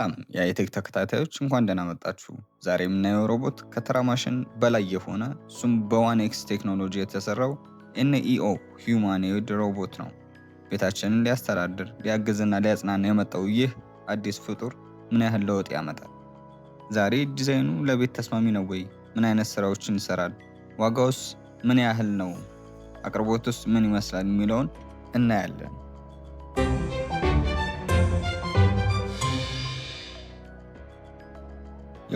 ሰላም የአይቴክ ተከታታዮች እንኳን ደህና መጣችሁ። ዛሬ የምናየው ሮቦት ከተራ ማሽን በላይ የሆነ እሱም በዋን ኤክስ ቴክኖሎጂ የተሰራው ኤንኢኦ ሂዩማኖይድ ሮቦት ነው። ቤታችንን ሊያስተዳድር ሊያግዝና ሊያጽናና የመጣው ይህ አዲስ ፍጡር ምን ያህል ለውጥ ያመጣል? ዛሬ ዲዛይኑ ለቤት ተስማሚ ነው ወይ? ምን አይነት ስራዎችን ይሰራል? ዋጋውስ ምን ያህል ነው? አቅርቦቱስ ምን ይመስላል? የሚለውን እናያለን።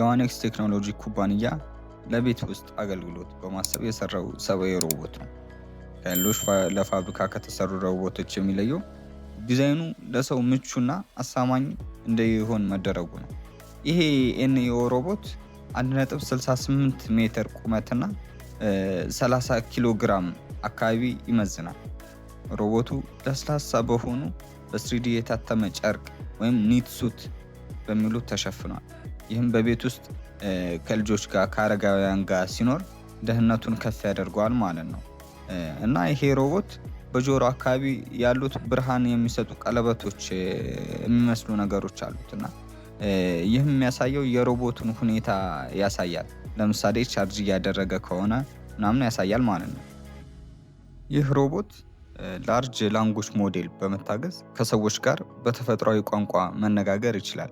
የዋኔክስ ቴክኖሎጂ ኩባንያ ለቤት ውስጥ አገልግሎት በማሰብ የሰራው ሰብአዊ ሮቦት ነው። ከሌሎች ለፋብሪካ ከተሰሩ ሮቦቶች የሚለየው ዲዛይኑ ለሰው ምቹና አሳማኝ እንደይሆን መደረጉ ነው። ይሄ ኤንኤኦ ሮቦት 1.68 ሜትር ቁመትና 30 ኪሎ ግራም አካባቢ ይመዝናል። ሮቦቱ ለስላሳ በሆኑ በስሪዲ የታተመ ጨርቅ ወይም ኒትሱት በሚሉት ተሸፍኗል። ይህም በቤት ውስጥ ከልጆች ጋር ከአረጋውያን ጋር ሲኖር ደህንነቱን ከፍ ያደርገዋል ማለት ነው እና ይሄ ሮቦት በጆሮ አካባቢ ያሉት ብርሃን የሚሰጡ ቀለበቶች የሚመስሉ ነገሮች አሉት እና ይህም የሚያሳየው የሮቦቱን ሁኔታ ያሳያል። ለምሳሌ ቻርጅ እያደረገ ከሆነ ምናምን ያሳያል ማለት ነው። ይህ ሮቦት ላርጅ ላንጎች ሞዴል በመታገዝ ከሰዎች ጋር በተፈጥሯዊ ቋንቋ መነጋገር ይችላል።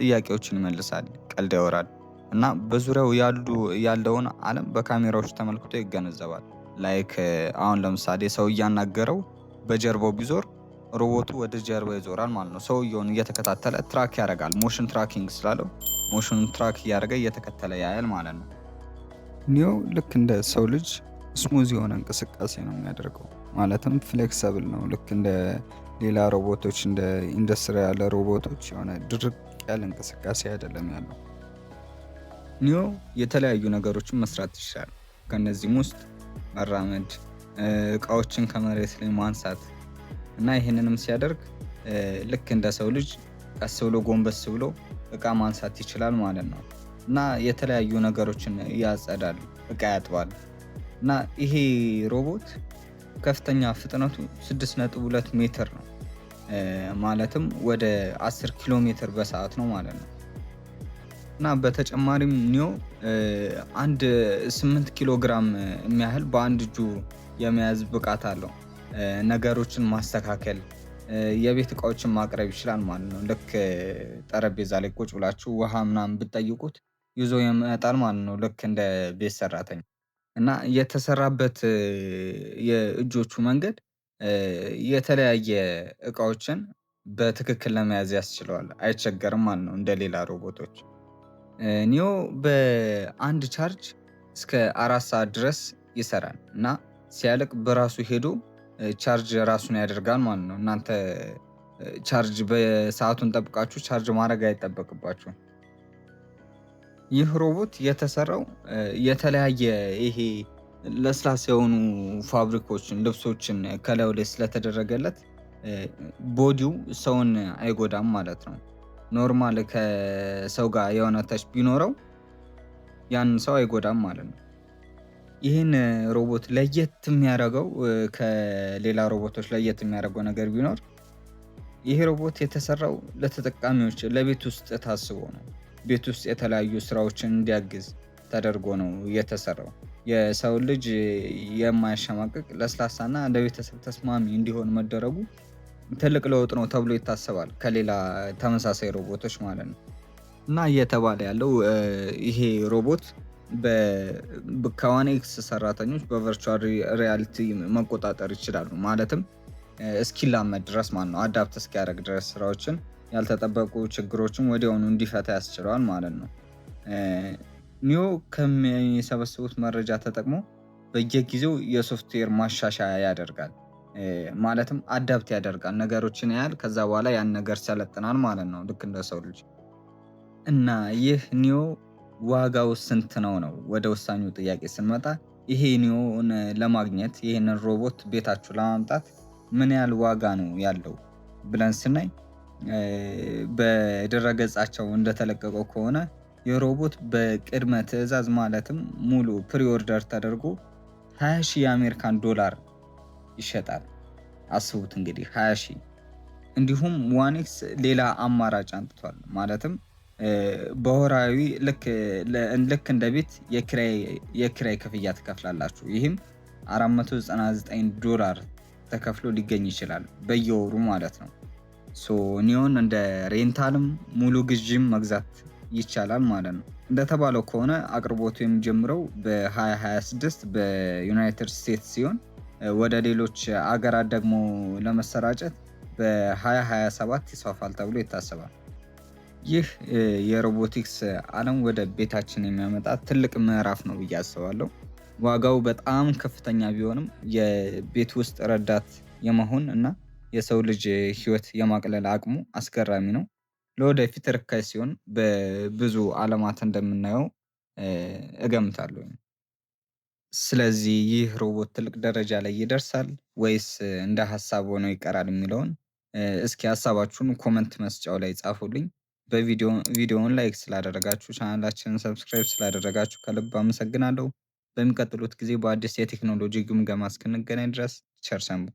ጥያቄዎችን ይመልሳል፣ ቀልድ ያወራል እና በዙሪያው ያሉ ያለውን ዓለም በካሜራዎች ተመልክቶ ይገነዘባል። ላይክ አሁን ለምሳሌ ሰው እያናገረው በጀርባው ቢዞር ሮቦቱ ወደ ጀርባ ይዞራል ማለት ነው። ሰውየውን እየተከታተለ ትራክ ያደርጋል። ሞሽን ትራኪንግ ስላለው ሞሽኑን ትራክ እያደረገ እየተከተለ ያያል ማለት ነው። ኒዮ ልክ እንደ ሰው ልጅ ስሙዝ የሆነ እንቅስቃሴ ነው የሚያደርገው ማለትም ፍሌክሰብል ነው። ልክ እንደ ሌላ ሮቦቶች እንደ ኢንዱስትሪ ያለ ሮቦቶች የሆነ ድርቅ ያለ እንቅስቃሴ አይደለም ያለው። ኒዮ የተለያዩ ነገሮችን መስራት ይችላል። ከነዚህም ውስጥ መራመድ፣ እቃዎችን ከመሬት ላይ ማንሳት እና ይህንንም ሲያደርግ ልክ እንደ ሰው ልጅ ቀስ ብሎ ጎንበስ ብሎ እቃ ማንሳት ይችላል ማለት ነው እና የተለያዩ ነገሮችን ያጸዳል፣ እቃ ያጥባል እና ይሄ ሮቦት ከፍተኛ ፍጥነቱ 6.2 ሜትር ነው። ማለትም ወደ 10 ኪሎ ሜትር በሰዓት ነው ማለት ነው። እና በተጨማሪም ኒዮ አንድ 8 ኪሎ ግራም የሚያህል በአንድ እጁ የመያዝ ብቃት አለው። ነገሮችን ማስተካከል፣ የቤት እቃዎችን ማቅረብ ይችላል ማለት ነው። ልክ ጠረጴዛ ላይ ቁጭ ብላችሁ ውሃ ምናምን ብትጠይቁት ይዞ የመጣል ማለት ነው። ልክ እንደ ቤት ሰራተኛ እና የተሰራበት የእጆቹ መንገድ የተለያየ እቃዎችን በትክክል ለመያዝ ያስችለዋል። አይቸገርም ማለት ነው እንደ ሌላ ሮቦቶች። ኒዮ በአንድ ቻርጅ እስከ አራት ሰዓት ድረስ ይሰራል እና ሲያልቅ በራሱ ሄዶ ቻርጅ ራሱን ያደርጋል ማለት ነው። እናንተ ቻርጅ በሰዓቱን ጠብቃችሁ ቻርጅ ማድረግ አይጠበቅባችሁም። ይህ ሮቦት የተሰራው የተለያየ ይሄ ለስላሳ የሆኑ ፋብሪኮችን ልብሶችን ከላዩ ወደ ስለተደረገለት ቦዲው ሰውን አይጎዳም ማለት ነው። ኖርማል ከሰው ጋር የሆነ ተች ቢኖረው ያንን ሰው አይጎዳም ማለት ነው። ይህን ሮቦት ለየት የሚያደርገው ከሌላ ሮቦቶች ለየት የሚያደርገው ነገር ቢኖር ይሄ ሮቦት የተሰራው ለተጠቃሚዎች ለቤት ውስጥ ታስቦ ነው። ቤት ውስጥ የተለያዩ ስራዎችን እንዲያግዝ ተደርጎ ነው የተሰራው። የሰው ልጅ የማያሸማቅቅ ለስላሳና እንደ ቤተሰብ ተስማሚ እንዲሆን መደረጉ ትልቅ ለውጥ ነው ተብሎ ይታሰባል። ከሌላ ተመሳሳይ ሮቦቶች ማለት ነው። እና እየተባለ ያለው ይሄ ሮቦት ከዋኔክስ ሰራተኞች በቨርቹዋል ሪያሊቲ መቆጣጠር ይችላሉ። ማለትም እስኪላመድ ድረስ ማለት ነው። አዳፕት እስኪያደርግ ድረስ ስራዎችን፣ ያልተጠበቁ ችግሮችን ወዲያውኑ እንዲፈታ ያስችለዋል ማለት ነው። ኒዮ ከሚሰበስቡት መረጃ ተጠቅሞ በየጊዜው የሶፍትዌር ማሻሻያ ያደርጋል። ማለትም አዳብት ያደርጋል ነገሮችን ያህል ከዛ በኋላ ያን ነገር ሰለጥናል ማለት ነው፣ ልክ እንደ ሰው ልጅ እና ይህ ኒዮ ዋጋው ስንት ነው ነው ወደ ወሳኙ ጥያቄ ስንመጣ ይሄ ኒዮን ለማግኘት ይህንን ሮቦት ቤታችሁ ለማምጣት ምን ያህል ዋጋ ነው ያለው ብለን ስናይ በድረገጻቸው እንደተለቀቀው ከሆነ የሮቦት በቅድመ ትዕዛዝ ማለትም ሙሉ ፕሪኦርደር ተደርጎ 20 ሺህ የአሜሪካን ዶላር ይሸጣል። አስቡት እንግዲህ 20 ሺህ። እንዲሁም ዋኔክስ ሌላ አማራጭ አንጥቷል። ማለትም በወራዊ ልክ እንደ ቤት የክራይ ክፍያ ትከፍላላችሁ። ይህም 499 ዶላር ተከፍሎ ሊገኝ ይችላል በየወሩ ማለት ነው። ኒዮን እንደ ሬንታልም ሙሉ ግዥም መግዛት ይቻላል ማለት ነው። እንደተባለው ከሆነ አቅርቦቱ የሚጀምረው በ2026 በዩናይትድ ስቴትስ ሲሆን ወደ ሌሎች አገራት ደግሞ ለመሰራጨት በ2027 ይስፋፋል ተብሎ ይታሰባል። ይህ የሮቦቲክስ ዓለም ወደ ቤታችን የሚያመጣ ትልቅ ምዕራፍ ነው ብዬ አስባለሁ። ዋጋው በጣም ከፍተኛ ቢሆንም የቤት ውስጥ ረዳት የመሆን እና የሰው ልጅ ሕይወት የማቅለል አቅሙ አስገራሚ ነው። ለወደፊት ርካሽ ሲሆን በብዙ ዓለማት እንደምናየው እገምታለሁ። ስለዚህ ይህ ሮቦት ትልቅ ደረጃ ላይ ይደርሳል ወይስ እንደ ሀሳብ ሆኖ ይቀራል የሚለውን እስኪ ሀሳባችሁን ኮመንት መስጫው ላይ ጻፉልኝ። በቪዲዮውን ላይክ ስላደረጋችሁ ቻናላችንን ሰብስክራይብ ስላደረጋችሁ ከልብ አመሰግናለሁ። በሚቀጥሉት ጊዜ በአዲስ የቴክኖሎጂ ግምገማ እስክንገናኝ ድረስ ቸር ሰንብቱ።